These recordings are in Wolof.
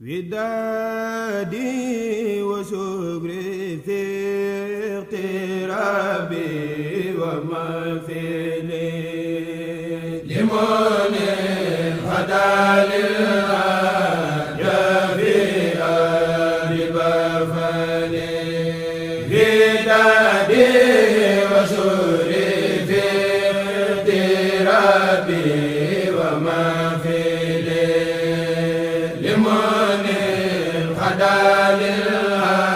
ودادي وشكري في اغترابي ومثلي لمن هدى للرجاء في آل بفلي ودادي وشكري في اغترابي ومثلي lil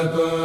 salaatu